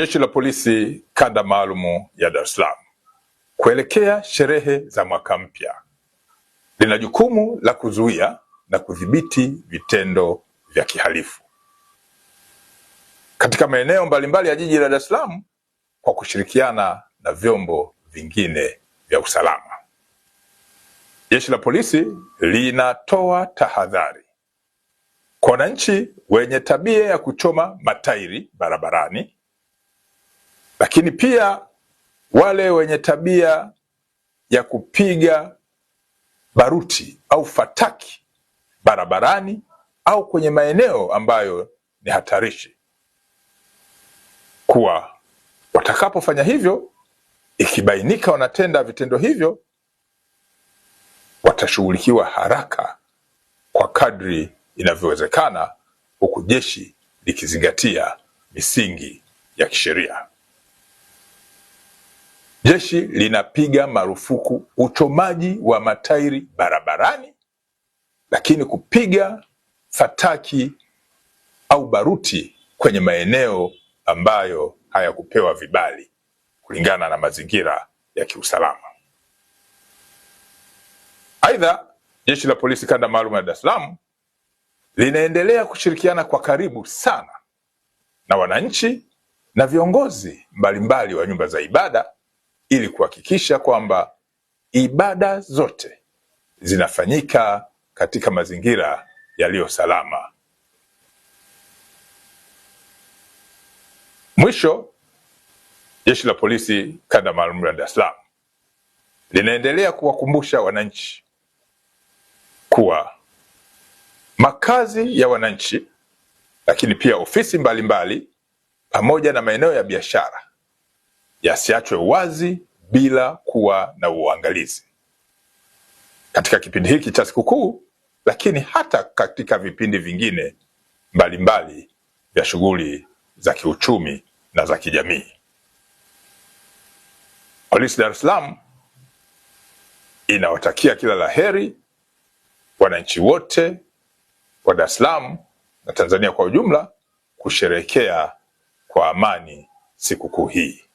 Jeshi la Polisi kanda maalumu ya Dar es Salaam kuelekea sherehe za mwaka mpya lina jukumu la kuzuia na kudhibiti vitendo vya kihalifu katika maeneo mbalimbali ya jiji la Dar es Salaam kwa kushirikiana na vyombo vingine vya usalama. Jeshi la Polisi linatoa tahadhari kwa wananchi wenye tabia ya kuchoma matairi barabarani lakini pia wale wenye tabia ya kupiga baruti au fataki barabarani au kwenye maeneo ambayo ni hatarishi, kuwa watakapofanya hivyo, ikibainika wanatenda vitendo hivyo, watashughulikiwa haraka kwa kadri inavyowezekana, huku jeshi likizingatia misingi ya kisheria. Jeshi linapiga marufuku uchomaji wa matairi barabarani, lakini kupiga fataki au baruti kwenye maeneo ambayo hayakupewa vibali kulingana na mazingira ya kiusalama. Aidha, jeshi la polisi kanda maalum ya Dar es Salaam linaendelea kushirikiana kwa karibu sana na wananchi na viongozi mbalimbali wa nyumba za ibada ili kuhakikisha kwamba ibada zote zinafanyika katika mazingira yaliyo salama. Mwisho, jeshi la polisi kanda maalum ya Dar es Salaam linaendelea kuwakumbusha wananchi kuwa makazi ya wananchi, lakini pia ofisi mbalimbali pamoja na maeneo ya biashara yasiachwe wazi bila kuwa na uangalizi. Katika kipindi hiki cha sikukuu, lakini hata katika vipindi vingine mbalimbali vya shughuli za kiuchumi na za kijamii. Polisi Dar es Salaam inawatakia kila la heri wananchi wote wa Dar es Salaam na Tanzania kwa ujumla kusherekea kwa amani sikukuu hii.